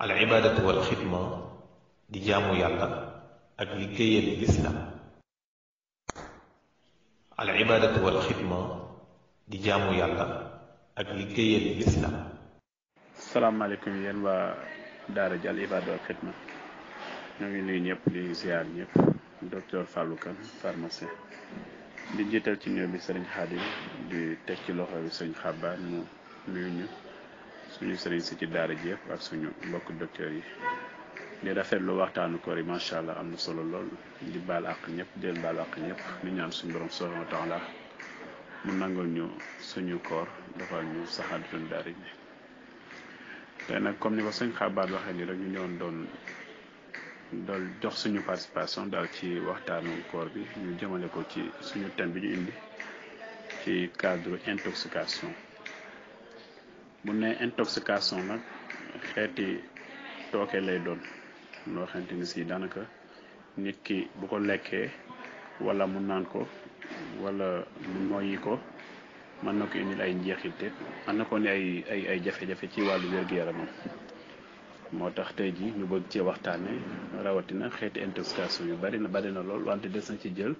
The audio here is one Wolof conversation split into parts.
al ibaadatu wal xidma di jaamu yàlla ak liggéeyal lislaam al ibaadatu wal xidma di jaamu yàlla ak waa daara ji al ibaadatu wal xidma ñoo ngi nuyu ñëpp di ziar ñëpp docteur Fallou Kane di jiital ci ñëw bi sëriñ Xaadim di teg ci loxo bi sëriñ xabaar mu nuyu ñu suñu sëriñ si ci daara ji yëpp ak suñu mbokk docteur yi di rafetlu waxtaanu koor yi macha allah am na solo lool di baal àq ñëpp di leen baal àq ñëpp di ñaan suñu borom subhanahu wa taala mu nangul ñu suñu koor defal ñu saxaat suñu daara ji tey nag comme ni ko suñ xabaar waxee nii rek ñu ñëwoon doon dool jox suñu participation daal ci waxtaanu koor bi ñu jëmale ko ci suñu thème bi ñu indi ci cadre intoxication. bu ne intoxication nag xeeti tooke lay doon loo xamante ni si daanaka nit ki bu ko lekkee wala mu naan ko wala mu noyyi ko mën na ko indil ay njeexite mën na ko ni ay ay ay jafe-jafe ci wàllu wér-gu-yaramam moo tax tey ji ñu bëgg cee waxtaane rawatina xeeti intoxication yu bari na bari na lool wante des na ci jël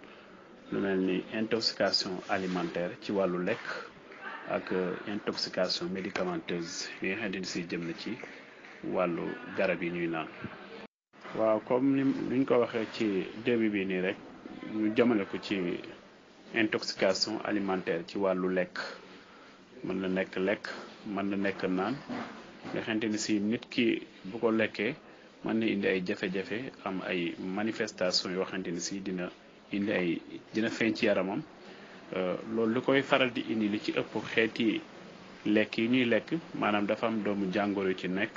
lu mel ni intoxication alimentaire ci wàllu lekk ak euh, intoxication médicamenteuse yi nga xamante ni si jëm na ci wàllu garab yi ñuy naan. waaw comme ni ñu ko waxee ci début bi nii rek ñu jëmale ko ci intoxication alimentaire ci wàllu lekk mën na nekk lekk mën na nekk naan nga xamante ni si nit ki bu ko lekkee mën na indi ay jafe-jafe am ay manifestation yoo xamante ni si dina indi ay dina feeñ ci yaramam. Euh, loolu lu koy faral di indi li ci ëpp xeeti lekk yi ñuy lekk maanaam dafa am doomu jàngooro yu ci nekk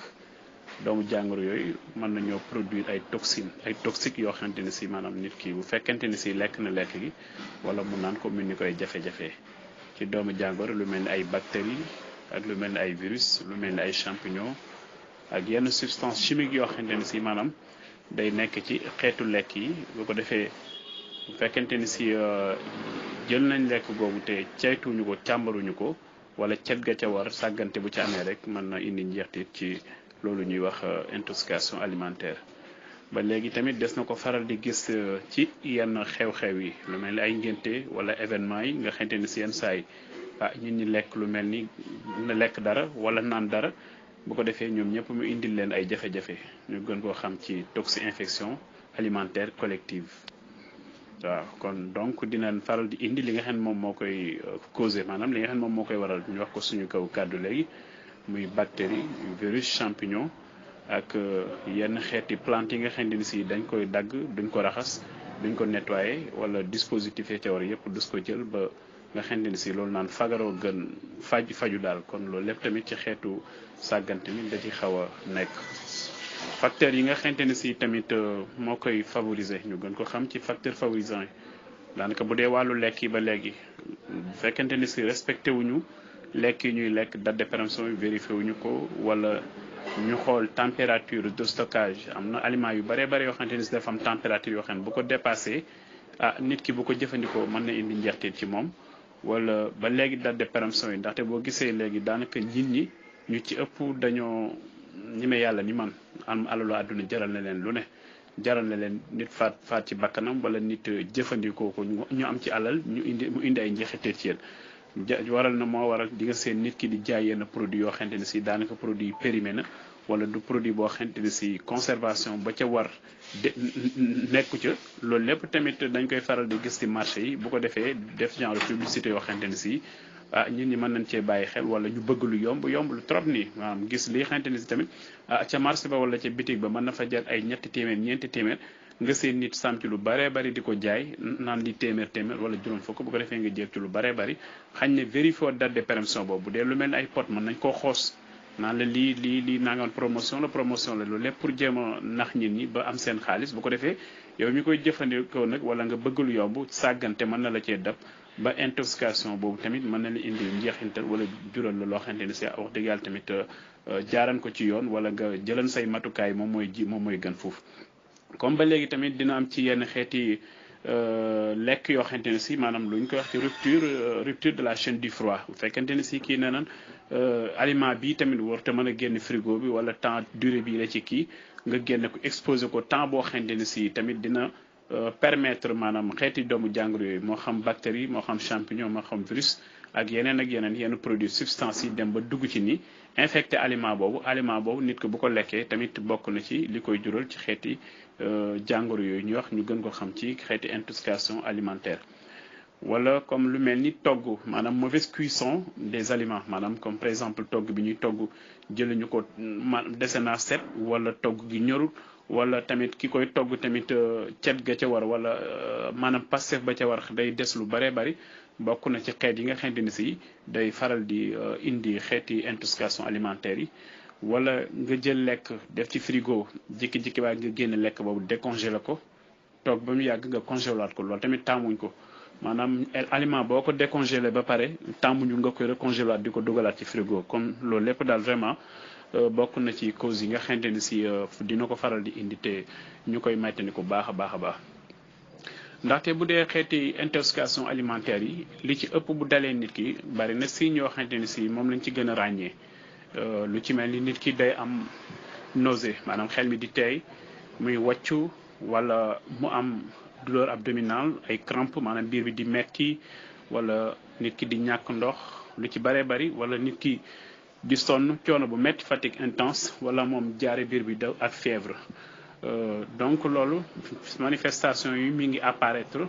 doomu jàngoro yooyu mën nañoo produit ay toxine ay toxique yoo xamante ni si maanaam nit kii bu fekkente ni si lekk na lekk gi wala mu naan ko mun ni koy jafe-jafe ci doomu jàngoro lu mel ni ay bactéries ak lu mel ni ay virus lu mel ni ay champignon ak yenn substance chimique yoo xamante ni si maanaam day nekk ci xeetu lekk yi bu ko defee bu fekkente ni si euh, jël nañ lekk googu te ceytuñu ko càmbaruñu ko wala cet ga ca war sàggante bu ci amee rek mën na indi njeextit ci loolu ñuy wax euh, intoxication alimentaire ba léegi tamit des na ko faral di gis euh, ci yenn xew-xew yi lu mel ni ay ngénte wala événement yi nga xamante ni si yenn saa ah ñun ñi lekk lu mel ni na lekk dara wala naan dara bu ko defee ñoom ñëpp mu indil leen ay jafe-jafe ñu gën koo xam ci toxi infection alimentaire collective waaw kon donc dinañ faral di indi li nga xam ne moom moo koy euh, causé maanaam li nga xam ne moom moo koy waral ñu wax ko suñu kaw kàddu léegi muy bactérie virus champignon ak euh, yenn xeeti plante yi nga xam ne si dañ koy dagg duñ ko raxas duñ ko nettoyé wala dispositif yi ca war yëpp dus ko jël ba nga xam ne si loolu naan fagaroo gën faj faju daal kon loolu lépp tamit ci xeetu sàggante mi da ci xaw a nekk. facteur yi nga xamante ne si tamit euh, moo koy favoriser ñu gën ko xam ci facteur favorisant yi daanaka bu dee wàllu lekk yi ba léegi bu fekkente ne si respecté wuñu lekk yi ñuy lekk date de péremption yi vérifié ko wala ñu xool température de stockage am na aliments yu bare bëri yoo xamante ne si dafa am température yoo xam ne bu ko dépassé ah nit ki bu ko jëfandikoo mën na indi njeexteet ci moom wala ba léegi date de péremption yi ndaxte boo gisee léegi daanaka nit ñi ñu ci ëpp dañoo ñime yàlla ni man am alalu àdduna jaral na leen lu ne jaral na leen nit faat faat ci bakkanam wala nit euh, jëfandikoo ko ñu am ci alal ñu indi mu indi ay njeexital ci yéen ja waral na moo waral di nga seen nit ki di jaay yenn produit yoo xamante ne si daanaka produit yi périmé na wala du produit boo xamante ne si conservation ba ca war de nekku ca loolu lépp tamit dañ koy faral di gis ci marché yi bu ko defee def genre publicité yoo xamante ne si ah nit ñi mën nañ cee bàyyi xel wala ñu bëgg lu yomb yomb lu trop nii maanaam gis lii xamante ni si tamit ah, ca marché ba wala ca bitig ba mën na fa jar ay ñetti téeméer ñeenti téeméer nga seen nit sàmm lu baree bari di ko jaay naan li téeméer téeméer wala juróom fukk bu ko defee nga jël ci lu baree bari xañ ne vérifié date de péremption boobu bu dee lu mel ni ay pot mën nañ koo xoos naan la lii lii lii nangal promotion la promotion la loolu lépp pour jéem a nax ñi ba am seen xaalis bu ko defee yow mi koy jëfandikoo nag wala nga bëgg lu yomb sàggante mën na la cee dab ba intoxication boobu tamit mën na la indi njeexintal wala jural la loo xamante ni c'est wax dëgg yàlla tamit euh, euh, jaaran ko ci yoon wala nga jëlan say matukaay moom mooy ji moom mooy gën foofu comme ba léegi tamit dina am ci yenn xeeti euh, lekk yoo xamante ne si maanaam lu ñu koy wax ci rupture rupture de la chaîne du froid bu fekkente ne si kii nee nan aliment bi tamit warut a mën a génn frigo bi wala temps durée bi la ci kii nga génn ko exposé ko temps boo xamante si tamit dina Euh, permettre maanaam xeeti doomu jàngoro yooyu moo xam bactérie moo xam champignon moo xam virus ak yeneen ak yeneen yenn produit substance yi dem ba dugg ci ni infecté aliment boobu aliment boobu nit ko bu ko lekkee tamit bokk na ci li koy jural ci xeeti euh, jàngoro yooyu ñuy wax ñu gën ko xam ci xeeti intoxication alimentaire wala comme lu mel ni togg maanaam mauvaise cuisson des aliments maanaam comme par exemple togg bi ñuy togg jëluñu ko ma dese naa set wala togg gi ñorul wala tamit ki koy togg tamit euh, cet ga ca war wala euh, maanaam pastef ba ca war day des lu bare bari bokk na ci xeet yi nga xamante ni si day faral di euh, indi xeeti intoxication alimentaire yi wala nga jël lekk def ci frigo jikki jékki waaye nga génn lekk boobu décongé la ko toog ba mu yàgg nga congélaat ko loolu tamit taamuñ ko maanaam aliment boo ko décongelé ba pare tàmmuñu nga koy recongelé waat di ko dugalaat ci frigo comme loolu lépp daal vraiment euh, bokk na ci cause yi nga xamante ni si euh, dina ko faral di indi te ñu koy maytani ko baax a baax a baax ndaxte bu dee xeeti intoxication alimentaire yi li ci ëpp bu dalee nit ki bari na si ñoo xamante ni si moom lañ ci gën a ràññee euh, lu ci mel ni nit ki day am nausée maanaam xel mi di tey muy wàccu wala mu am. douleur abdominale ay crampe maanaam biir bi di metti wala nit ki di ñàkk ndox lu ci baree bari wala nit ki di sonn coono bu metti fatigue intense wala moom jaare biir bi daw ak fièvre euh, donc loolu manifestation yi mu ngi apparaître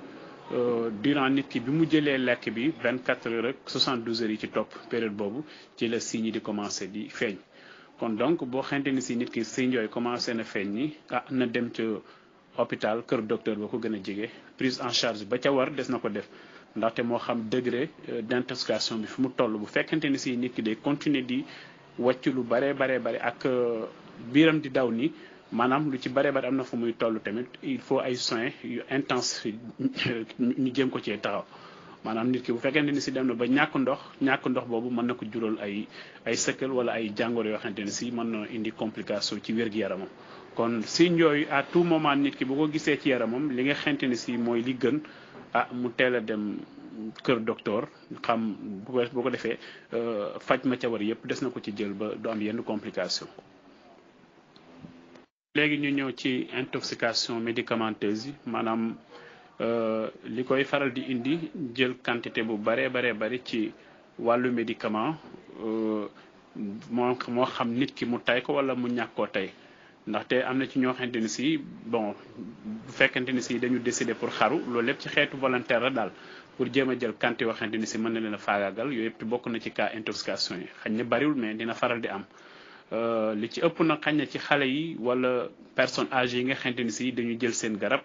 euh, durant nit ki bi mu jëlee lekk bi 24 heures ak 72 heures yi ci topp période boobu ci la signes yi di commencé di feeñ kon donc boo xamante si nit ki signes yooyu commencé na feeñ ni ah na dem ca hôpital kër docteur ba ko gën a jege prise en charge ba ca war des na ko def ndaxte moo xam degré euh, d'intoxication bi fu mu toll bu fekkente ni si nit ki day continuer di wàcc lu baree bare bare ak euh, biiram di daw nii maanaam lu ci baree bare am na fu muy toll tamit il faut ay soins yu intense euh, ñu jëm ko cee taxaw maanaam nit ki bu fekkente ni si dem na ba ñàkk ndox ñàkk ndox boobu mën na ko jural ay ay sëkkal wala ay jàngoor yoo xamante ni si mën na indi complication ci wér kon si yooyu à tout moment nit ki boo ko gisee ci yaramam li nga xamante ni si mooy li gën ah mu teel a dem kër docteur xam boo ko defee euh, faj ma ca war yëpp des na ko ci jël ba du am yenn complication léegi ñu ñëw ci intoxication médicamenteuse yi maanaam euh, li koy faral di indi jël quantité bu baree baree bari ci wàllu médicament euh, moo moo xam nit ki mu tay ko wala mu ñàkkoo tey ndaxte am na ci ñoo xamante ni si bon bu fekkente ni si dañu décider pour xaru loolu lépp ci xeetu volontaire la daal pour jéem a jël quantité yoo xamante ni si mën na leen a faagaagal yëpp bokk na ci cas intoxication yi xañ na bariwul mais dina faral di am euh, li ci ëpp nag xañ na ci xale yi wala personne age yi nga xamante ni si dañu jël seen garab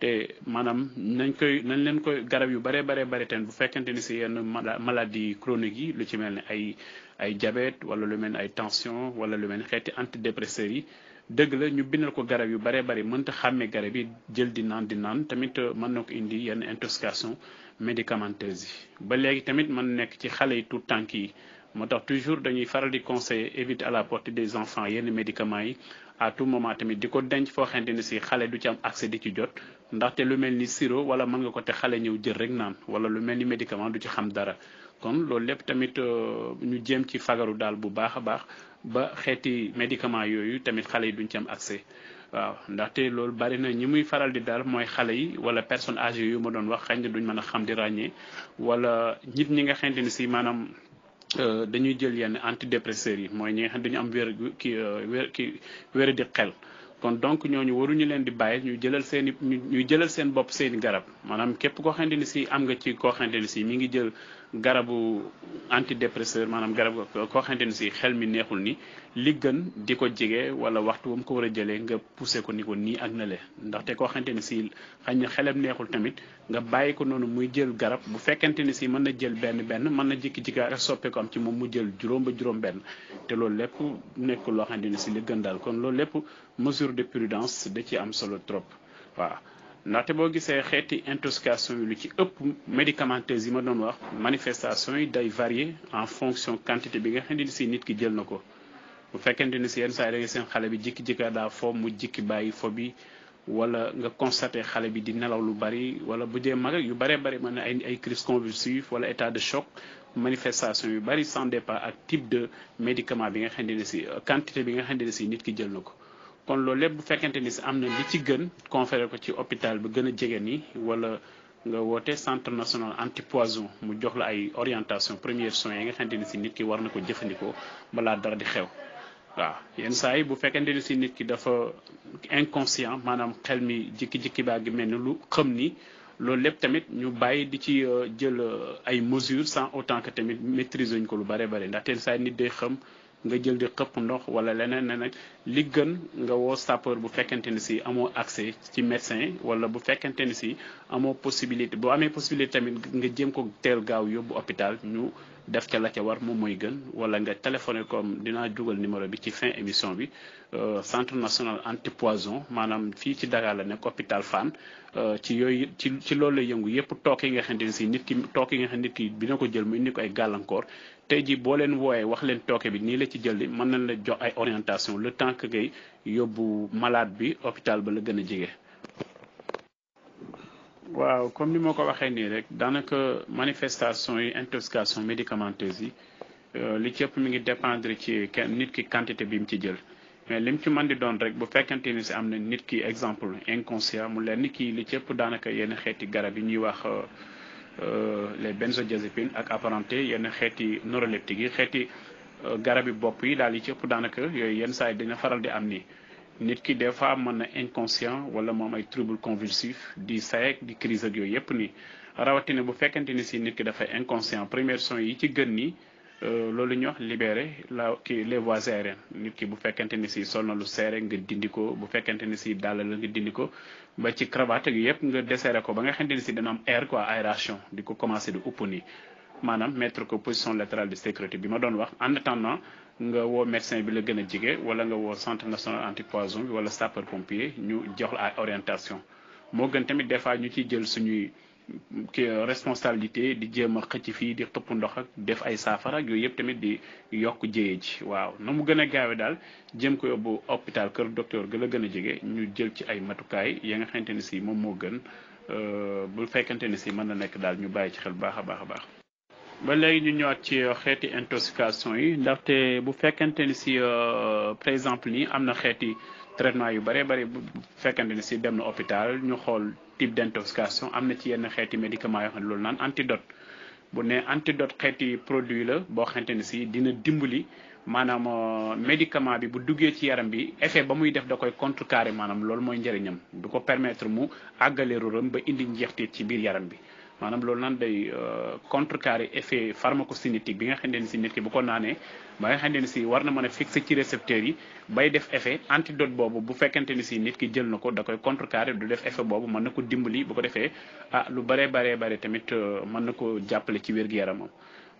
te maanaam nañ koy nañ leen koy garab yu bare bare bare ten bu fekkente ni si yenn maladie chronique yi lu ci mel ne ay ay diabète wala lu mel ne ay tension wala lu mel ne xeeti antidépresseurs yi dëgg la ñu bindal ko garab yu baree bari mënta xàmmee garab yi jël di naan di naan tamit euh, mën na ko indi yenn intoxication médicamenteuse yi ba léegi tamit mën nekk ci xale yi tout tànk yi moo tax toujours dañuy faral di conseiller évite à la portée des enfants yenn médicament yi à tout moment tamit di ko denc foo xamante ni si xale du ci am accès di ci jot ndaxte lu mel ni siro wala mën nga ko te xale ñëw jël rek naan wala lu mel ni médicament du ci xam dara kon loolu lépp tamit euh, ñu jéem ci fagaru daal bu baax a baax ba xeeti médicament yooyu tamit xale yi duñ ci am accès waaw ndaxte loolu bari na ñi muy faral di daal mooy xale yi wala personne âgée yu ma doon wax xañ na duñ mën a xam di ràññee wala ñit ñi nga xamante ni si maanaam euh, dañuy jël yenn antidépresseurs yi mooy ñi nga xam dañu am wér ki euh, wér ki wér di xel kon donc ñooñu waruñu leen di bàyyi ñu jëlal seen i ñu jëlal seen bopp seen i garab maanaam képp koo xamante si am nga ci koo xamante si mi ngi jël garabu antidépresseur maanaam garab ko xamante ni si xel mi neexul ni li gën di ko jege wala waxtu woom ko war a jëlee nga poussé ko ni ko nii ak na le ndaxte koo xamante ni si xañ na xelam neexul tamit nga bàyyi ko noonu muy jël garab bu fekkente ni si mën na jël benn benn mën na jikki jékki rek soppe ko am ci moom mu jël juróom ba juróom benn te loolu lépp nekk loo xamante ni si li gën daal kon loolu lépp mesure de prudence da ci am solo trop waaw ndaxte boo gisee xeeti intoxication yi lu ci ëpp médicamenteuse yi ma doon wax manifestation yi day varier en fonction quantité bi nga xam ne si nit ki jël na ko bu fekkente ni si yenn saa yi seen xale bi jikki-jikka daa fo mu jikki bàyyi fo bi wala nga constaté xale bi di nelaw lu bari wala bu dee mag yu baree bari mën na ay ay crise convulsive wala état de choc manifestation yu bari sans départ ak type de médicament bi nga xam ne si quantité bi nga xam ne si nit ki jël na ko kon loolu lépp bu fekkente ni si am na li ci gën conféré ko ci hôpital ba gën a jege nii wala nga woote centre national antipoison mu jox la ay orientation premiers soins yi nga xamante ni si nit ki war na ko jëfandikoo balaa dara di xew waaw yenn saa yi bu fekkente ni si nit ki dafa inconscient maanaam xel mi jikki-jikki baa gi mel ni lu xam ni loolu lépp tamit ñu bàyyi di ci euh, jël euh, ay mesures sans autant que tamit maîtriser ñu ko lu bare bare ndax yenn saa yi day xam. nga jël di xëpp ndox wala leneen nag li gën nga woo sapeur bu fekkente ni si amoo accès ci médecin wala bu fekkente ni si amoo possibilité boo amee possibilité tamit nga jëm ko teel gaaw yóbbu hôpital ñu. def ca la ca war moom mooy gën wala nga téléphoné comme dinaa dugal numéro bi ci fin émission bi euh, centre national antipoison maanaam fii ci Dakar la nekk hôpital Fann euh, ci yooyu ci ci loolu lay yëngu yëpp toog yi nga xamante ne si nit ki toog yi nga xam nit ki dina ko jël mu indi ko ay gàllankoor tey jii boo leen wooyee wax leen tooke bi nii la ci jël li mën nañ la jox ay orientation le temps que yóbbu malade bi hôpital ba la gën a jege. waaw comme ni moo ko waxee nii rek daanaka manifestation yi intoxication médicamenteuse yi euh, li ci ëpp mi ngi dépendre ci nit ki quantité bi mu ci jël mais mu ci man di doon rek bu fekkante ni si am na nit ki exemple inconscient mu leen ni kii li cëpp daanaka yenn xeeti garab yi ñuy wax euh, euh, les benzodiazépines ak apparenté yenn xeeti neuroleptiques yi xeeti garab yi bopp yi daal li ci daanaka yooyu yenn saa yi dina faral di am nii. nit ki des fois mën na inconscient wala moom ay trouble convulsif di sayeeg di crise yooyu yëpp nii rawatina bu fekkente ni si nit ki dafay inconscient première soins yi ci gën nii euh, loolu ñuy wax libérer la kii les voies aériennes nit ki bu fekkente ni si sol na lu seere nga dindi ko bu fekkente ni si dàll la nga dindi ko ba ci cravate gi yëpp nga desserré ko ba nga xamante ni si dana am air quoi aération di ko commencé di upp nii maanaam mettre ko position latérale de sécurité bi ma doon wax nga woo médecin bi la gën a jege wala nga woo centre national antipoison bi wala sapeur pompier ñu jox la ay orientation moo gën tamit des fois ñu ciy jël suñuy responsabilité di jéem a xëcc fii di tëpp ndox ak def ay saafara yooyu yëpp tamit di yokk jéye ji waaw na mu gën a gaawee daal jëm ko yóbbu hôpital kër docteur gën a gën a jege ñu jël ci ay matukaay ya nga xamante ne si moom moo gën euh, bu fekkante ne si mën na nekk daal ñu bàyyi ci xel baax a baax a baax. ba léegi ñu ñëwaat ci euh, xeeti intoxication yi ndaxte bu fekkente ni si euh, par exemple nii am na xeeti traitement yu bare bëri bu fekkente ni si dem na hôpital ñu xool type d'intoxication am na ci yenn xeeti médicament yoo xam loolu naan antidote bu ne antidote xeeti produit la boo xamante ni si dina dimbali maanaam euh, médicament bi bu duggee ci yaram bi effet ba muy def da koy contre contrecarrer maanaam loolu mooy njëriñam du ko permettre mu àggale ruuram ba indi njeexteet ci biir yaram bi maanaam loolu naan day euh, contrecarrer effet pharmacocinétique bi nga xam ne si nit ki bu ko naanee ba nga xam ne si war na mën a fixer ci récepteurs yi bay def effet antidote boobu bu fekkente ni si nit ki jël na ko da koy contrecarrer du def effet boobu mën na ko dimbali bu ko defee ah lu baree baree bare tamit euh, mën na ko jàppale ci wér-gu-yaramam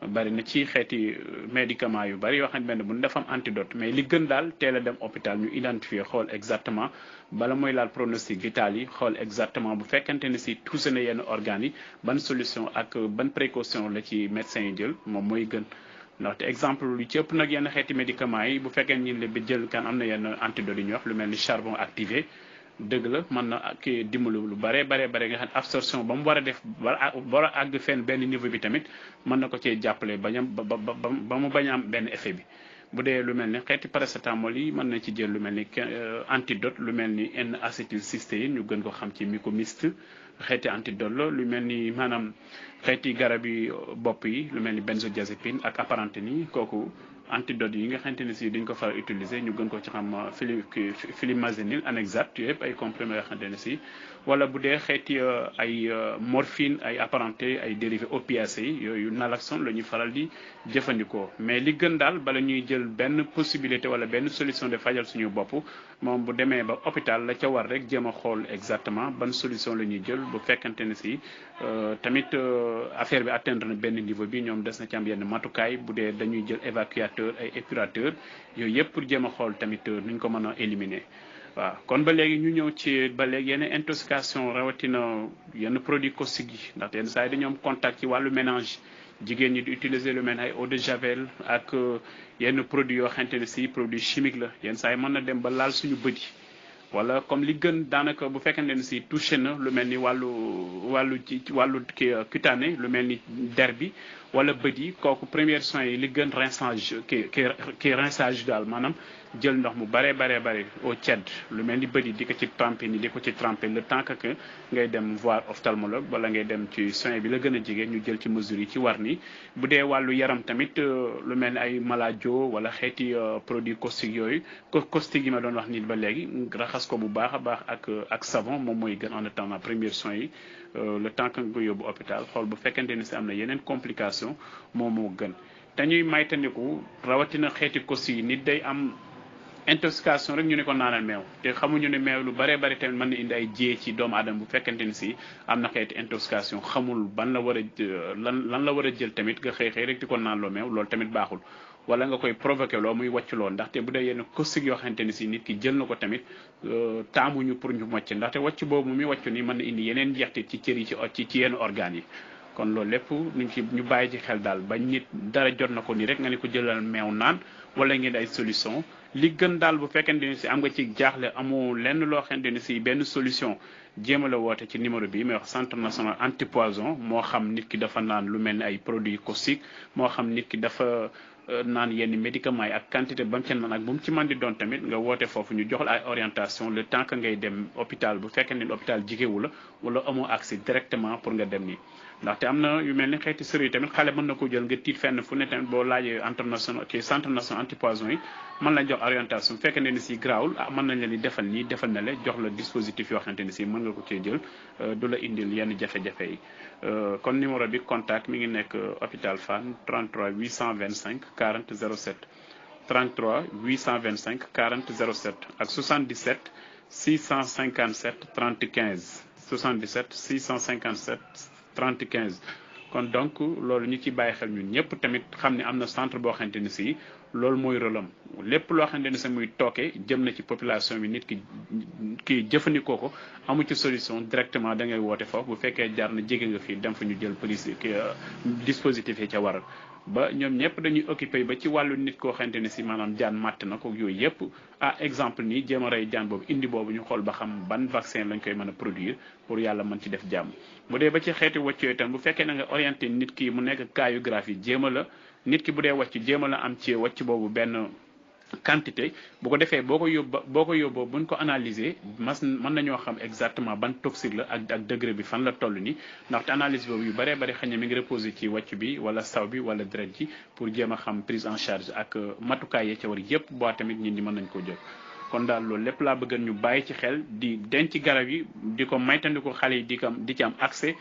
bari na ci xeeti euh, médicament yu bari yoo xam ne bu ñu dafa am antidote mais li gën daal teel a dem hôpital ñu identifier xool exactement bala mooy laal pronostic vital yi xool exactement bu fekkente ne si tuuse na yenn organes yi ban solution ak euh, ban précaution la ci médecin yi jël moom mooy gën ndaxte exemple lu ci nag yenn xeeti médicaments yi bu fekkee ñin le bi jël kan am na yenn antidote yi ñuy wax lu mel ni charbon activé dëgg la mën na kii dimbali lu bare bare bare nga xam absorption ba mu war a def war a àgg fenn benn niveau bi tamit mën na ko cee jàppale bañ ba ba ba mu bañ am benn effet bi. bu dee lu mel ni xeeti paracétamol yi mën na ci jël lu mel ni euh, antidote lu mel ni n yi ñu gën ko xam ci mist xeeti antidote la lu mel ni maanaam xeeti garab yi bopp yi lu mel ni benzodiazépine ak apparentine ni kooku. antidote yi nga xamante ne si dañ ko faral utiliser ñu gën ko ci xam euh, fili filimazenil anexat yooyu yëpp ay comprimés yoo xamante si wala bu dee xeeti euh, ay euh, morphine ay apparenté ay dérivés opiacés yi yooyu naloxone la ñuy faral di jëfandikoo mais li gën daal bala ñuy jël benn possibilité wala benn solution de fajal suñu bopp moom bu demee ba hôpital la ca war rek jéem a xool exactement ban solution la ñuy jël bu fekkante ne si euh, tamit affaire bi atteindre na benn niveau bi ñoom des na ci am yenn matukaay bu dee dañuy jël évacuateur ay épurateur yooyu yëpp pour jéem a xool tamit nuñ ko mën a éliminer waaw kon ba léegi ñu ñëw ci ba léegi yenn intoxication rawatina yenn produits caustiques yi ndax yenn saa yi dañoo contact ci wàllu ménage jigéen ñi di utiliser lu mel ay eau de javel ak euh, yenn produits yoo xamante ne si produit chimique la yenn saa yi mën na dem ba laal suñu bët yi wala comme li gën daanaka bu fekkente ne si touché na lu mel ni wàllu wàllu ci wàllu euh, cutané lu mel ni der bi wala bët yi kooku première soins yi li gën rinçage ki ki daal maanaam jël ndox mu baree baree bare au cedd lu mel ni bëri di ko ci trempé ni di ci trempé le temps que ngay dem voir ophtalmologue wala ngay dem ci soin bi la gën a jege ñu jël ci mesures yi ci war ni bu dee wàllu yaram tamit euh, lu mel ni ay malajo wala xeeti euh, produit caustique yooyu caustique yi ma doon wax nit ba léegi raxas ko bu baax a baax ak euh, ak savon moom mooy gën en attendant premier soin yi le temps que nga ko yóbbu hôpital xool bu fekkente ni si am na yeneen complication moom moo gën dañuy intoxication rek ñu ne ko naanal meew te xamuñu ne meew lu bare bëri tamit mën na indi ay jiyee ci doomu aadama bu fekkente ni si am na xeeti intoxication xamul ban la war a euh, lan lan la war a jël tamit nga xëy xëy rek di ko naan loo meew loolu tamit baaxul wala nga koy provoqué loo muy wàccu loo ndaxte bu dee yenn caustique yoo xamante ni si nit ki jël na ko tamit euh, taamuñu pour ñu wàcc ndaxte wàcc boobu muy wàccu ni mën na indi yeneen njeexte ci cër yi ci ci yenn organes yi kon loolu lépp ñu ci ñu bàyyi ci xel daal ba nit dara jot na ko nii rek nga ne ko jëlal meew naan wala ngeen ay solution li gën daal bu fekkente ni si am nga ci jaaxle amu lenn loo xamante ni si benn solution jéem la woote ci numéro bi may wax centre national poison moo xam nit ki dafa naan lu mel ni ay produits caustiques moo xam nit ki dafa. Euh, naan yenn médicaments yi ak quantité ba mu ca naan ak bu mu ci man di doon tamit nga woote foofu ñu jox la ay orientation le temps que ngay dem hôpital bu fekkee ne hôpital jigéewu la wala amoo accès directement pour nga dem nii. ndaxte am na yu mel ni xeeti sër yi tamit mën na ko jël nga fenn fu ne tamit boo laajee international kii centre national antipoison yi mën lañ jox orientation bu fekkee ne si garaawul a ah, mën nañ la ni defal nii defal na la jox la dispositif yo xamante ni si mën nga ko cee jël euh, du la indil yenn jafe-jafe yi euh, kon numéro bi contact mi ngi nekk hôpital Fann 33 825. 40 07 33 825 40 07 ak 77 657 30 15 77 657 30 15 kon donc loolu ñu ci bàyyi xel ñu ñëpp tamit xam ne am na centre boo xamante ni si loolu mooy rôlam lépp loo xamante ni si muy tooke jëm na ci population bi nit ki kii jëfandikoo ko amu ci solution directement da ngay woote foofu bu fekkee jaar na jege nga fii dem fu ñu jël police euh, dispositif yi ca waral ba ñoom ñëpp dañuy occupé ba ci wàllu nit koo xamante ne si maanaam jaan màtt na ko yooyu yëpp à exemple nii jéema a rey jaan boobu indi boobu ñu xool ba xam ban vaccin lañ koy mën a produire pour yàlla mën ci def jàmm bu dee ba ci xeeti wàcc tam bu fekkee na nga orienté nit ki mu nekk cas yu grave la nit ki bu dee wàcc jéem a la am ci wàcc boobu benn quantité bu ko defee boo ko yóbba boo ko yóbboo buñ ko analyser mas mën nañoo xam exactement ban toxique la ak ak degré bi fan la toll ni ndaxte analyse boobu yu bëree bëri xëy na mi ngi ci wàcc bi wala saw bi wala deret ji pour jéem a xam prise en charge ak euh, matukaay ya ca war yépp boo tamit ñun ñi mën nañ ko jël kon daal loolu lépp laa bëgg ñu bàyyi ci xel di den ci garab yi di ko maytandiku xale yi di ko di ci am accès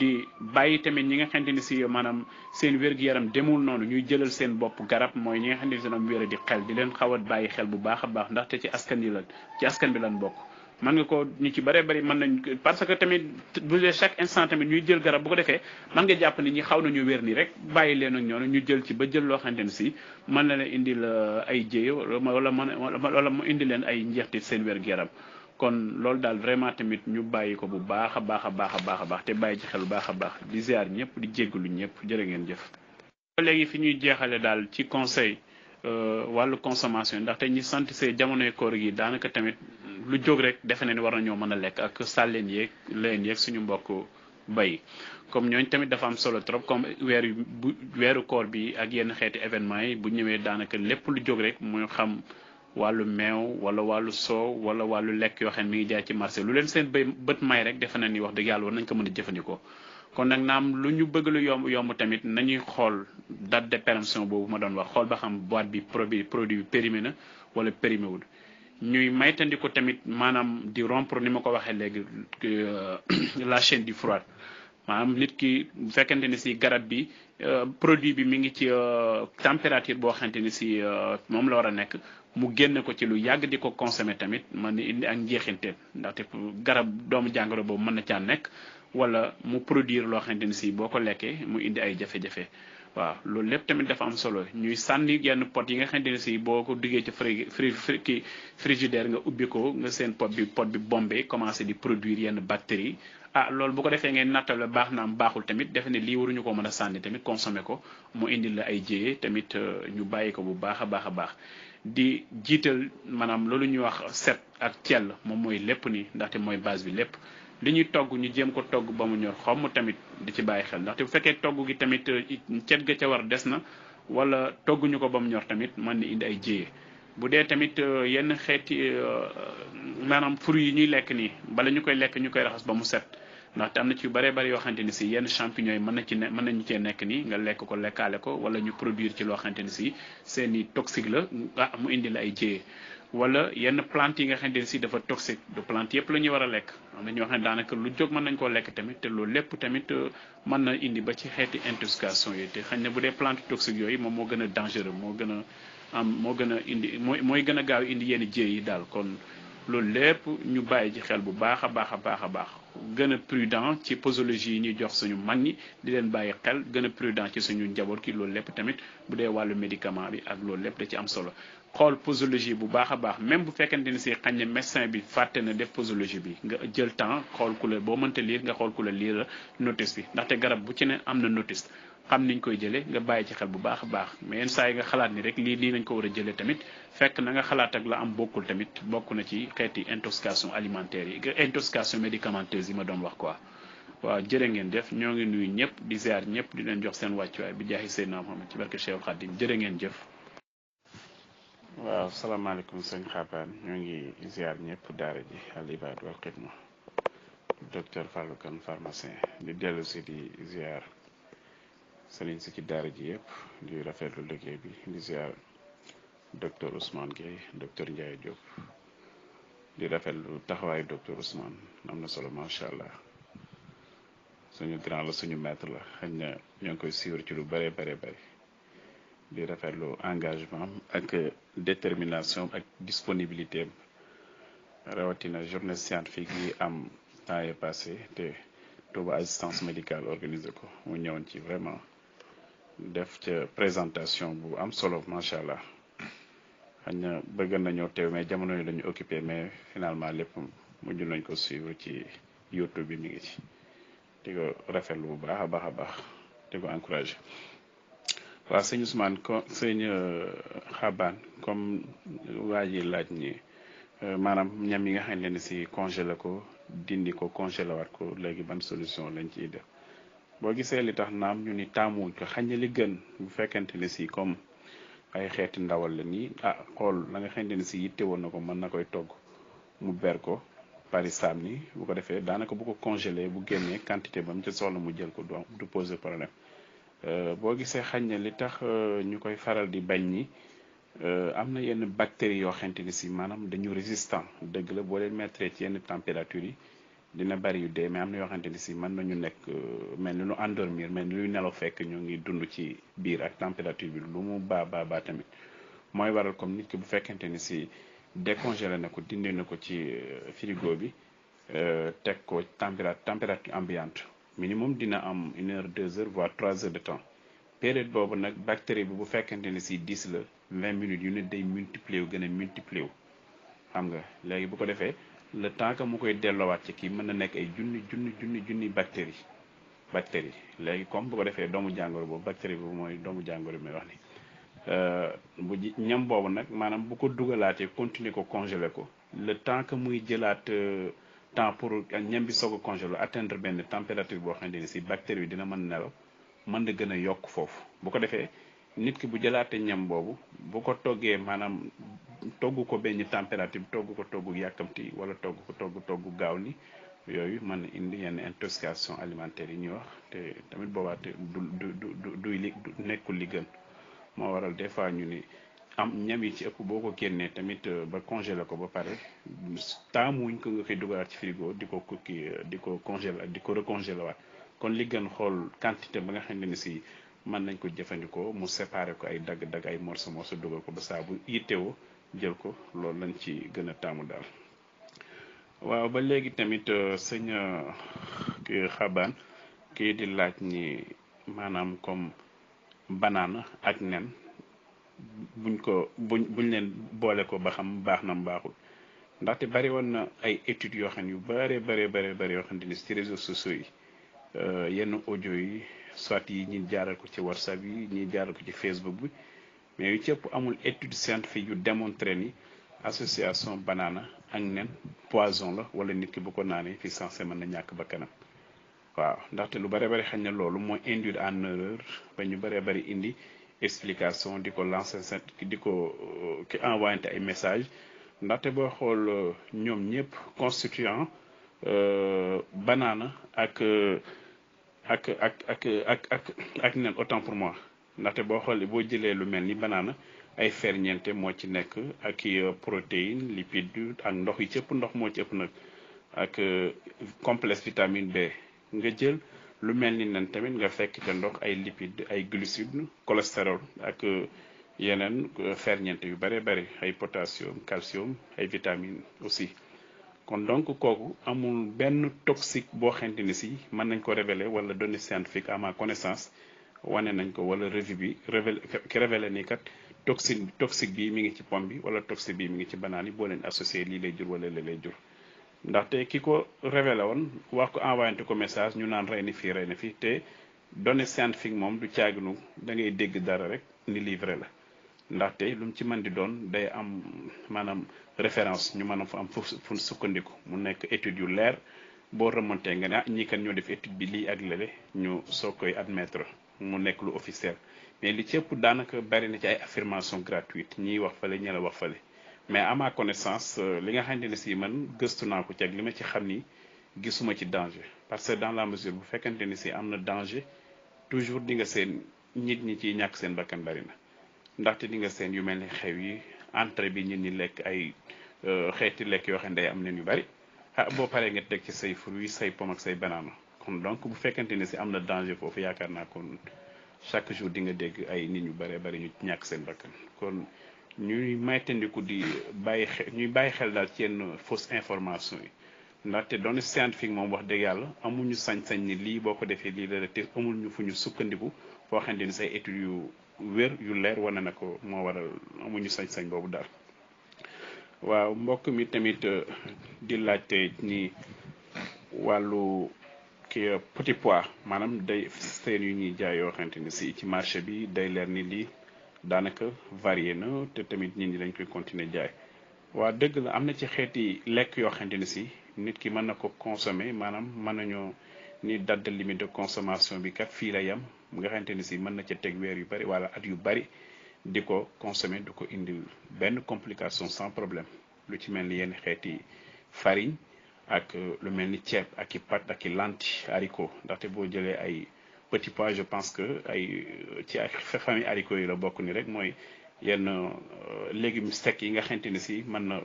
di bàyyi tamit ñi nga xamante ni si maanaam seen wér-gu-yaram demul noonu ñuy jëlal seen bopp garab mooy ñi nga xamante ni si ñoom wér di xel di leen xaw a bàyyi xel bu baax a baax ndaxte ci askan yi la ci askan bi lan bokk. mën nga ko ñu ci bëree bëri mën nañ parce que tamit bu dee chaque instant tamit ñuy jël garab bu ko defee mën nga jàpp ni ñi xaw nañu wér nii rek bàyyi leen ak ñoom ñu jël ci ba jël loo xamante ne si mën na leen indil euh, ay jéy wala mën wala mu indi leen ay njeexte seen wér gu kon loolu daal vraiment tamit ñu bàyyi ko bu baax a baax a baax a baax a baax te bàyyi ci xel bu baax a baax di ziar ñëpp di jéggalu ñëpp jërë ngeen jëf. léegi fi ñuy jeexale daal ci conseil euh, wàllu consommation ndaxte ñi sant see jamonoy koor gi daanaka tamit lu jóg rek defe ne ni war ñoo mën a lekk ak sàlleen yeeg leen yeeg suñu mbokk bay comme ñooñ tamit dafa am solo trop comme weer bu weeru koor bi ak yenn xeeti événement yi bu ñëwee daanaka lépp lu jóg rek muy xam wàllu meew wala wàllu soow wala wàllu lekk yoo xam ne mi ngi jaar ci marché lu leen seen bay bët may rek defe na ni wax dëgg yàlla war nañ ko mën a jëfandikoo kon nag naam lu ñu bëgg lu yomb yomb tamit nañuy xool date de boobu ma doon wax xool ba xam boîte bi produit bi périmé na wala périmé wul ñuy maytandiku tamit maanaam di rompre ni ma ko waxee léegi euh, la chaine du froid maanaam nit ki bu fekkente ne si garab bi euh, produit bi mi ngi ci euh, température boo xamante ni si moom la war a nekk mu génne ko ci lu yàgg di ko consommer tamit man ni indi ak njeexinteen ndaxte garab doomu jàngoro boobu mën na caa nekk wala mu produire loo xamante ni si boo ko lekkee mu indi ay jafe-jafe. waaw loolu lépp tamit dafa am solo ñuy sànni yenn pot yi nga xamante ne si boo ko duggee ci fri fri ki frigidaire nga ubbi ko nga seen pot bi pot bi bombé commencé di produire yenn bactéries a ah, loolu bu ko defee ngeen nattale baax naam baaxul tamit defe ne lii waruñu ko mën a sànni tamit consommer ko mu indi la ay jéyee tamit euh, ñu bàyyi ko bu baax a baax a baax di jiital maanaam loolu ñuy wax set ak cell moom mooy lépp nii ndaxte mooy base bi lépp li ñuy togg ñu jéem ko togg ba mu ñor xomm tamit di ci bàyyi xel ndaxte bu fekkee togg gi tamit euh, it cet ga ca war des na wala togguñu ko ba mu ñor tamit mën na indi ay jéyee bu dee tamit euh, yenn xeeti euh, maanaam fruit yi ñuy lekk nii bala ñu koy lekk ñu koy raxas ba mu set ndaxte am na ci yu bëree bëri yoo xamante ni si yenn champignon yi mën na ci ne mën nañu cee nekk nii nga lekk ko lekkaale ko wala ñu produir ci loo xamante ni si seeni i toxique la ah mu indi la ay jéyee wala yenn plante yi nga xam ne si dafa toxique du plante yëpp la ñuy war a lekk am na ñoo xam ne daanaka lu jóg mën nañ koo lekk tamit te loolu lépp tamit euh, mën na indi ba ci xeeti intoxication yi te xañ na bu dee plante toxique yooyu moom moo gën a dangereux moo gën a am moo gën a indi mooy mooy gën a gaaw indi yenn jéey yi daal kon loolu lépp ñu bàyyi ci xel bu baax a baax a baax a baax gën a prudent ci posologie yi ñuy jox suñu mag ñi di leen bàyyi xel gën a prudent ci suñu njaboot ki loolu lépp tamit bu dee wàllu médicament bi ak loolu lépp da ci am solo xool posologie bu baax a baax même bu fekkente ni si xañ ne médecin bi fàtte na def posologie bi nga jël temps xool ku la boo mënta lire nga xool ku la lire notice bi ndaxte garab bu ci ne am na notice xam niñ koy jëlee nga bàyyi ci xel bu baax a baax mais yenn saa yi nga xalaat ni rek lii nii nañ ko war a jëlee tamit fekk na nga xalaat ak la am bokkul tamit bokk na ci xeeti intoscation alimentaire yi intoscation médicamenteuse yi ma doon wax quoi waaw jërë ngeen def ñoo ngi nuyu ñëpp di ziar ñëpp di leen jox seen wàccuwaay bi jaaxi Seydina Muhammad ci barke Cheikh Khadim jërë ngeen jëf. waaw salaamaaleykum sëñ Xabaan ñoo ngi ziar ñëpp daara ji al ibaad wal xidma docteur Fallou Kane si di ziar. sëriñ si ci daara ji yëpp di rafetlu liggéey bi di ziar docteur Ousmane Gueye docteur Ndiaye Diop di rafetlu taxawaayu docteur Ousmane am na solo macha allah suñu grand la suñu maître la xëy na ñoo ngi koy suivre ci lu bëree bare bëri di rafetlu engagement am ak détermination ak disponibilité am rawatina journée scientifique yi am temps yii passé te Touba assistance médicale organisé ko mu ñëwoon ci vraiment. def ca présentation bu am solo macha allah xañ na bëgg nañoo teew mais jamono yi lañu occupé mais finalement lépp mujj nañ ko suivre ci YouTube bi mi ngi ci di ko rafetlu bu baax a baax a baax di ko encouragé waaw sëñ Ousmane ko sëñ euh, xaban comme waa ji laaj ñi euh, maanaam ñam yi nga xam ne si congelé ko dindi ko congelé waat ko léegi ban solution lañ ci def boo gisee li tax naam ñu ni taamuwuñ ko xañ li gën bu fekkente ne si comme ay xeeti ndawal la nii ah, xool la nga xamante ne si yitte woon na ko mën na koy togg mu ber ko pari sam ni bu ko defee daanaka bu ko congelé bu génnee quantité ba ca soxla mu jël ko du pose problème euh, boo gisee xañ na li tax euh, ñu koy faral di bañ ni euh, am na yenn bactéries yoo xamante ne si maanaam dañu résistant dëgg la boo leen mettre ci yenn température yi dina bari yu dee mais am na yoo xamante ni si mën nañu nekk euh, mel ni lu endormir mel ni luy nelaw fekk ñu ngi dund ci biir ak température bi lu mu baa baa baa tamit mooy waral comme nit ki bu fekkante ni si décongelé na ko dindi na ko ci euh, frigo bi euh, teg ko tempéra température ambiante minimum dina am une heure deux heures voire trois heures de temps période boobu nag bactérie bi bu fekkente ni si dix la vingt minutes yu ne day multiplier wu gën a multiplier wu xam nga léegi bu ko defee. le temps que mu koy delloowaat ci kii mën na nekk ay junni junni junni junni bactéries bactéries léegi comme bu ko defee doomu jàngoro boobu bactérie boobu mooy doomu jàngoro bi may wax ni euh, bu ñam boobu nag maanaam bu ko dugalaatee continuer ko congeler ko le temps que muy jëlaat euh, temps pour ñam bi soog a congeler atteindre benn température boo xamante si bactérie bi dina mën nelaw mën na gën a yokk foofu bu ko defee. nit ki bu jëlaatee ñam boobu bu ko toggee maanaam togg ko benn température togg ko togg yàkkamti wala togg togg togg gaaw ni yooyu mën na indi yenn intoxication alimentaire yi ñuy wax te tamit boobaate du du du du li nekkul li gën moo waral des fois ñu ni am ñam yi ci ëpp boo ko génnee tamit euh, ba congelé ko ba pare taamuwuñ ko nga koy dugalaat ci frigo di ko kukki euh, di ko congelé di ko recongelé waat kon li gën xool quantité ba nga xam ne ni si mën nañ ko jëfandikoo mu séparé ko ay dagg-dagg ay morceau morceau dugal ko ba saabu bu yittewoo jël ko loolu lañ ci gën a taamu daal waaw ba léegi tamit euh, sëñ xaban euh, xabaan di laaj ni maanaam comme banaana ak nen buñ ko buñ buñ leen boole ko ba xam baax na baaxul ndaxte bari woon na ay études yoo xam ne yu bare bare bare bëri yoo xam ne ci réseau sociaux yi euh, yenn audio yi soit yi ñi jaaral ko ci whatsapp yi ñi jaaral ko ci facebook bi mais yu cëpp amul étude scientifique yu démontré ni association banaana ak nen poison la wala nit ki bu ko naanee fi sensé mën na ñàkk ba kanam waaw ndaxte lu bare bari xañ na loolu moo induire en erreur ba ñu bare bari indi explication di ko lancer seen di ko euh, ki envoyante ay message ndaxte boo xool euh, ñoom ñëpp constituant euh, banaana ak ak ak ak ak ak ak nen autant pour moi ndaxte boo xoolee boo jëlee lu mel ni banaana ay ferñeente moo ci nekk ak i euh, protéine lipide ak ndox yi cëpp ndox moo ci ëpp nag ak euh, complexe vitamine B nga jël lu mel ni nen tamit nga fekk te ndox ay lipide ay glucides cholestérol ak euh, yeneen ferñeente yu bare bare ay potassium calcium ay vitamin aussi kon donc kooku amul benn toxique boo xamante ni si mën nañ ko révéler wala donné scientifique à ma connaissance wane nañ ko wala revue bi révélé ki révélé ni kat toxique toxique bi mi ngi ci pomme bi wala toxique bi mi ngi ci banaan yi boo leen associé lii lay jur wala lii lay jur ndaxte ki ko révélé woon wax ko envoyante ko message ñu naan rey na fii rey na fii te donné scientifique moom du caaginu da ngay dégg dara rek ni livré la ndaxte lu mu ci man di doon day am maanaam référence ñu mën a fa am fu sukkandiku mu nekk étude yu leer boo remonté nga ne ah ñii kan ñoo def étude bi lii ak lële ñu soo koy admettre mu nekk lu officiel mais li ci ëpp daanaka bari na ci ay affirmation gratuite ñiy wax fale ñi la wax fale mais ama ma connaissance euh, li nga xamante ne si man gëstu naa ko ci ak li ma ci xam ni gisuma ci danger parce que dans la mesure bu fekkante ni si am na danger toujours di nga seen nit ñi ciy ñàkk seen bakkan bari na ndaxte di nga seen yu mel ni xew yi entrée bi ñun ñi lekk ay euh, xeeti lekk yoo xam ne day am leen yu bari ah boo paree nga teg ci say fruits say pomme ak say banana kon donc bu fekkente ne si am na danger foofu yaakaar naa kon chaque jour di nga dégg ay nit ñu bëree bari ñu ñàkk seen bakkan kon ñuy maytandiku di bàyyi xel ñuy bàyyi xel daal ci yenn fausse information yi ndaxte données scientifique moom wax dëgg yàlla amuñu sañ-sañ ni lii boo ko defee lii la te amul ñu fu ñu sukkandiku foo xam ne say études yu wér yu leer wane na ko moo waral amuñu sañ-sañ boobu daal waaw mbokk mi tamit euh, di laajte ni wàllu ki euh, petit pois maanaam day seen yu ñuy jaay yoo xamante ni si ci marché bi day leer ni lii daanaka varier na te tamit nit ñi dañ koy continuer jaay waa dëgg la am na ci xeeti lekk yoo xamante ni si nit ki mën na ko consommer maanaam mën nañoo ni date de de consommation bi kat fii la yem nga xamante ni si mën na ca teg weer yu bëri wala at yu bëri di ko consommer du ko indi benn complication sans problème lu ci mel ni yenn xeeti farine ak euh, lu mel ni ceeb ak i pâtes ak i lentilles haricots ndaxte boo jëlee ay petits pois je pense que ay euh, ci ay famille haricots yi la bokk ni rek mooy yenn euh, légumes secs yi nga xamante ni si mën na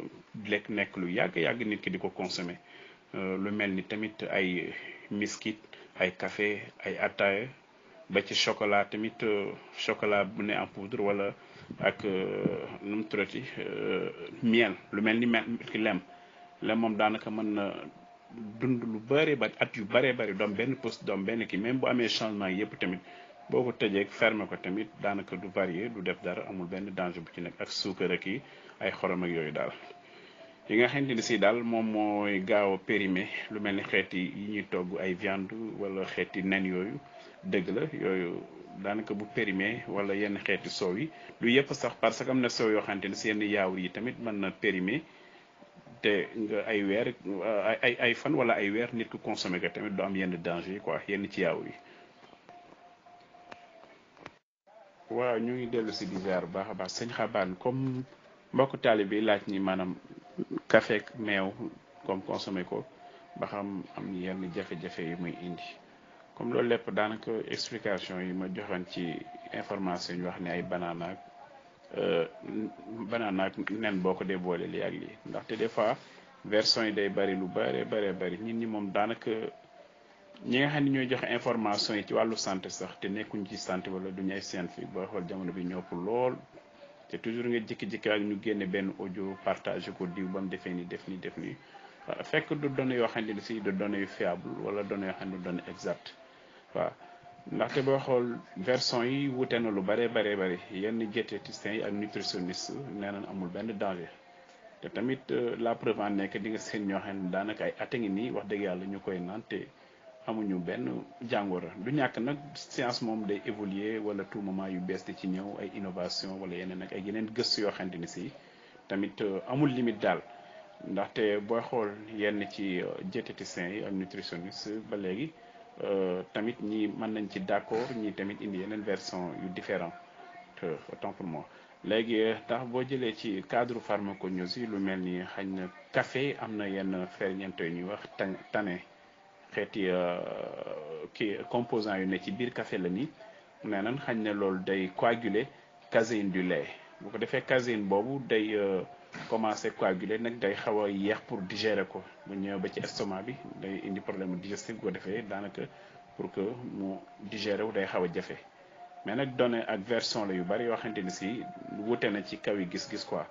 lekk nekk lu yàgg yàgg nit ki di ko consommer lu mel ni tamit ay miskit ay kafe ay ataaya ba ci chocolat tamit euh, chocolat bu ne en poudre wala ak euh, nu mu tuddati euh, miel lu mel ni mel ki lem lem moom daanaka mën na dund lu bëree bari at yu bëree bëri doom benn post doom benn ki même bu amee changement yëpp tamit boo ko tëjee fermer ko tamit daanaka du varier du def dara amul benn danger bu ci nekk ak suukar ak yi ay xorom ak yooyu daal. yi nga xamante ni si daal moom mooy gaaw a périmé lu mel ni xeeti yi ñuy togg ay viande wala xeeti nen yooyu. dëgg la yooyu daanaka bu périmé wala yenn xeeti soow yi du yëpp sax parce que am na soow yoo xamante ne seen yaawur yi tamit mën na périmé te nga ay weer ay fan wala ay weer nit ku consommé ko tamit du am yenn danger quoi yenn ci yaawur yi. waaw ñu ngi dellu si di ziar bu baax a baax sëñ xabaan comme mbokk taali bi laaj ni maanaam kafeek meew comme consommé ko ba am yenn jafe-jafe yi muy indi. comme loolu lépp daanaka explication yi ma joxoon ci information ñu wax ne ay banaana ak euh, banaana ak nen boo ko dee boole lii ak lii ndaxte des fois version yi day bari lu bare bare bari nit ñi moom daanaka ñi nga xam ne ñooy joxe information yi ci wàllu santé sax te nekkuñ ci santé wala duñu ay scientifique boo xool jamono bi ñopp lool te toujours nga jékki-jékki ak ñu génne benn audio partage ko diw ba mu defee ni def ni def ni fekk du données yoo xam ne si du données yu fiable wala donne yoo xam ne du waaw ndaxte boo xool version yi wute na lu bare bare bëri yenn diététiciens yi ak nutritionniste nee nañ amul benn danger te tamit euh, la preuve nekk di nga seen ñoo xam ne daanaka ay at ngi nii wax dëgg yàlla ñu koy naan te amuñu benn jàngoro du ñàkk nag science moom day évoluer wala tout yu bees di ci ñëw ay innovation wala yeneen ak ay yeneen gëstu yoo xamante ni si tamit euh, amul limite daal ndaxte booy xool yenn ci euh, diététiciens yi ak nutritionniste ba léegi. Euh, tamit ñi mën nañ ci d'accord ñi tamit indi yeneen version yu différent autant pour moi léegi tax euh, boo jëlee ci cadre pharmacognosie lu mel ni xañ na café am na yenn ferñeent yu ñuy wax tan tanin xeeti euh, kii composant yu ne ci biir café la ni nee nan xañ na loolu day coaguler caséine du lait bu ko defee caséine boobu day commencé coaguler nag day xaw a yéex pour digérer ko bu ñëwee ba ci estomac bi day indi problème digestif ko defee daanaka pour que mu digérer wu day xaw a jafe mais nag données ak version la yu bari yoo xamante ni si wute na ci kaw yi gis-gis quoi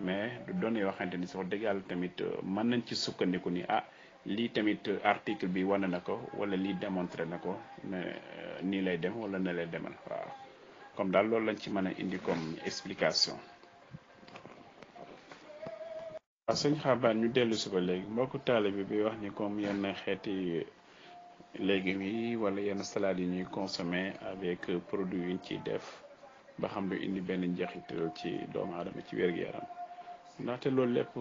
mais du données yoo xamante ni si wax dëgg yàlla tamit euh, mën nañ ci sukkandiku ni ah lii tamit euh, article bi wane na ko wala lii démontré na ko ne euh, nii lay dem wala ne lay demal waaw comme daal loolu lañ ci mën a indi comme explication. waaw sëñ xaabaan ñu dellu si ko léegi mbokku taalibe bi wax ni comme yenn xeeti légumes yi wala yenn salade yi ñuy consommer avec produit yi ñu ciy def ba xam lu indi benn njeexital ci doomu aadama ci wér-gu-yaram ndaxte loolu lépp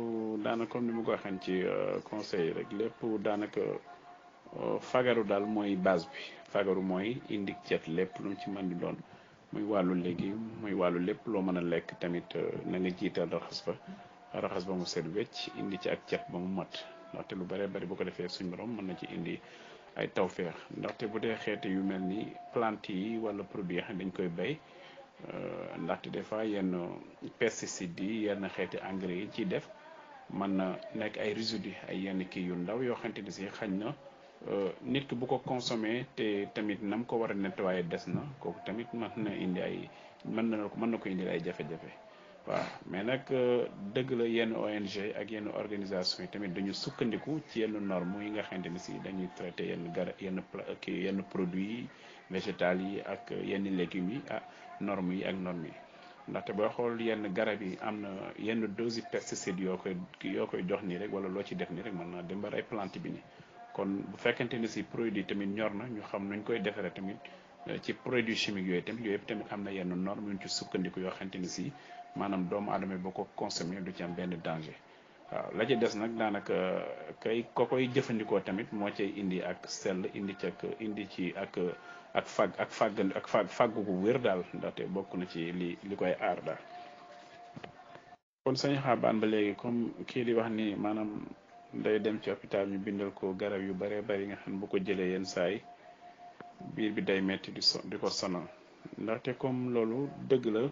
daanaka comme ni mu ko waxee ci euh, conseil rek lépp daanaka euh, fagaru daal mooy base bi fagaru mooy indi cet lépp lu ci mën di doon muy wàllu légume muy wàllu lépp loo mën a lekk tamit euh, na nga jiital raxas ba raxas ba mu set wecc indi ci ak cet ba mu mat ndaxte lu bare bari bu ko defee suñ borom mën na ci indi ay tawféex ndaxte bu dee xeeti yu mel ni plant yi wala produit yi dañ koy bay euh, ndaxte des fois yenn pesticides yi yenn xeeti engrais yi ciy def mën na nekk ay résidus ay yenn kii yu ndaw yoo xamante ni si xañ na euh, nit ki bu ko consommé te tamit nam ko war a nettoyé des na kooku tamit mën na indi ay mën na mën na ko indil ay jafe-jafe. waaw mais nag euh, dëgg la yenn ONG ak yenn organisation yi tamit dañu sukkandiku ci yenn norme yi nga xamante ni si dañuy traité yenn gara yenn kii yenn produits yi végétal yi ak yenn légumes yi ah normes yi ak normes yi ndaxte boo xool yenn garab yi am na yenn dose yi pesticide yoo koy yoo koy jox nii rek wala loo ci def nii rek mën naa dem ba plante bi ni kon bu fekkente ni si produit tamit ñor na ñu xam nuñ koy defaree tamit euh, ci produit chimique yooyu tamit yooyu tamit am na yenn normes yu ñu ci sukkandiku yoo xamante ni si maanaam doomu aadama ba ko consommé du ci am benn danger waaw la ci des nag daanaka euh, kay ko koy jëfandikoo tamit moo cay indi ak sell indi ci ak indi ci ak ak fag ak fàgg ak fag fàggu gu wér daal ndaxte bokk na ci li li koy aar daal kon sañ xaabaan ba léegi comme kii di wax ni maanaam day dem ci hôpital ñu bindal ko garab yu bare bari nga xam bu ko jëlee yenn saay biir bi day metti di so di ko sonal ndaxte comme loolu dëgg la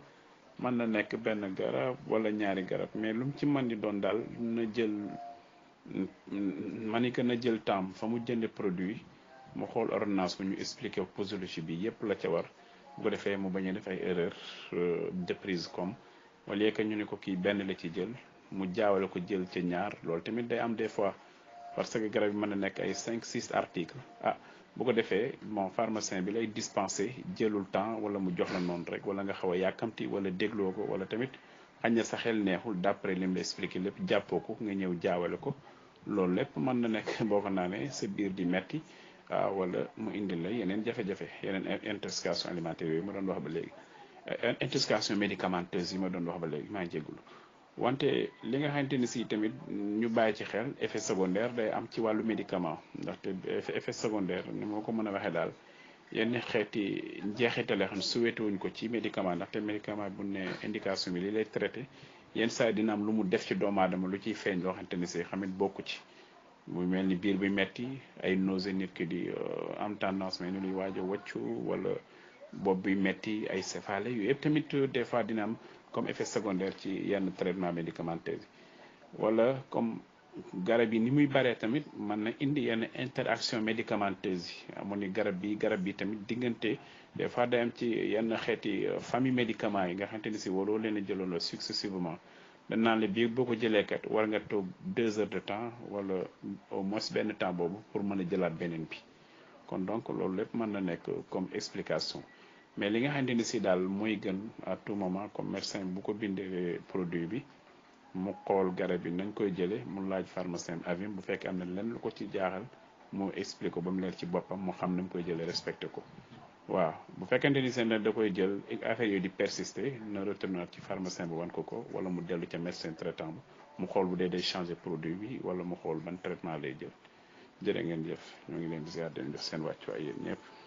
mën na nekk benn garab wala ñaari garab mais lum ci man di doon daal na jël man que na jël temps fa mu jënde produit mu xool ordonnance bu ñu expliquer posologie bi yépp la ca war bu ko defee mu bañ a def ay erreur euh, de comme au lieu que ñu ni ko kii benn la ci jël mu jaawale ko jël ca ñaar loolu tamit day am des fois parce que garab yi mën na nekk ay cinq six articles ah bu ko defee bon pharmacien bi lay dispensé jëlul temps wala mu jox la noonu rek wala nga xaw a yàkkamti wala dégloo ko wala tamit xañ na sa xel neexul d'après lim la expliqué lépp jàppoo ko nga ñëw jaawale ko loolu lépp mën na nekk boo ko naanee sa biir di metti ah, wala mu indi lay yeneen jafe-jafe yeneen intoxication alimentaire yooyu ma doon wax ba léegi eh, intoxication médicamenteuse yi ma doon wax ba léegi maa jégalu wante li nga xamante ni si tamit ñu bàyyi ci xel effet secondaire day am ci wàllu médicament ndaxte effet secondaire ni moo ko mën a waxee daal yenn xeeti njeexital yoo xam ne souhaité wuñ ko ci médicament ndaxte médicament bu ne indication bi li lay traité yenn saa dina am lu mu def ci doomu aadama lu ciy feeñ loo xamante ni si xamit bokk ci muy mel ni biir bi metti ay nausée nit ki di euh, am tendance mais ni luy waaj a wala bopp bi metti ay céphalée yu yëpp tamit euh, des fois dina am comme effet secondaire ci yenn traitement médicamenteux yi wala comme garab yi ni muy baree tamit mën na indi yenn interaction médicamenteuse yi amoon ni garab bi garab yi tamit diggante des fois day ci yenn xeeti euh, famille médicament yi nga xamante ni si waroo leen a jëloon successivement dañ naan la bii boo ko jëlee kat war nga toog deux heures de temps wala au moins benn temps boobu pour mën a jëlaat beneen bi kon donc loolu lépp mën na nekk comme explication mais li nga xamante ni si daal mooy gën à tout moment comme médecin bu ko bindee produit bi mu xool garab yi nañ koy jële mu laaj pharmacien avis bu fekkee am na lenn lu ko ci jaaxal mu explique ko ba mu leer ci boppam mu xam ni mu koy jëlee respecté ko waaw bu fekkente ni seen da koy jël affaire yooyu di persister na retourner ci pharmacien bi wan ko ko wala mu dellu ca médecin traitant ba mu xool bu dee day changer produit bi wala mu xool ban traitement lay jël jërë ngeen jëf ñoo ngi leen di ziar den jox seen wàccuwaay yéen ñëpp